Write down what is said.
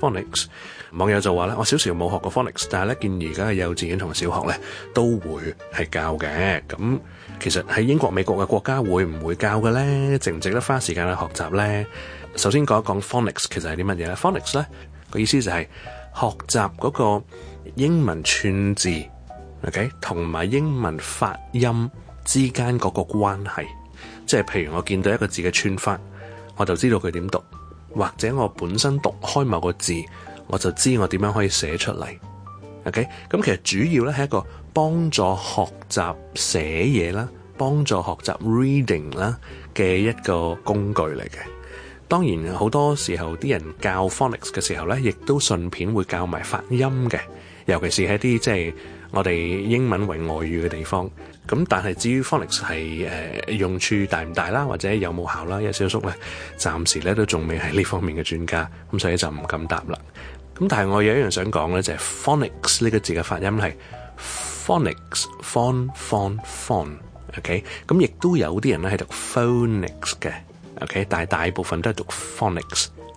Phonics，網友就話咧，我小時候冇學過 Phonics，但係咧，見而家嘅幼稚園同小學咧都會係教嘅。咁其實喺英國、美國嘅國家會唔會教嘅咧？值唔值得花時間去學習咧？首先講一講 Phonics，其實係啲乜嘢咧？Phonics 咧個意思就係學習嗰個英文串字，OK，同埋英文發音之間嗰個關係。即係譬如我見到一個字嘅串法，我就知道佢點讀。或者我本身讀開某個字，我就知我點樣可以寫出嚟。OK，咁其實主要咧係一個幫助學習寫嘢啦，幫助學習 reading 啦嘅一個工具嚟嘅。當然好多時候啲人教 phonics 嘅時候咧，亦都順便會教埋發音嘅，尤其是喺啲即係，就是我哋英文為外語嘅地方，咁但係至於 Phonics 係用處大唔大啦，或者有冇效啦，有少叔咧，暫時咧都仲未係呢方面嘅專家，咁所以就唔敢答啦。咁但係我有一樣想講咧，就係、是、Phonics 呢個字嘅發音係 Phonics phon phon phon，OK，咁亦都有啲人咧係讀 Phonics 嘅，OK，但係大部分都係讀 Phonics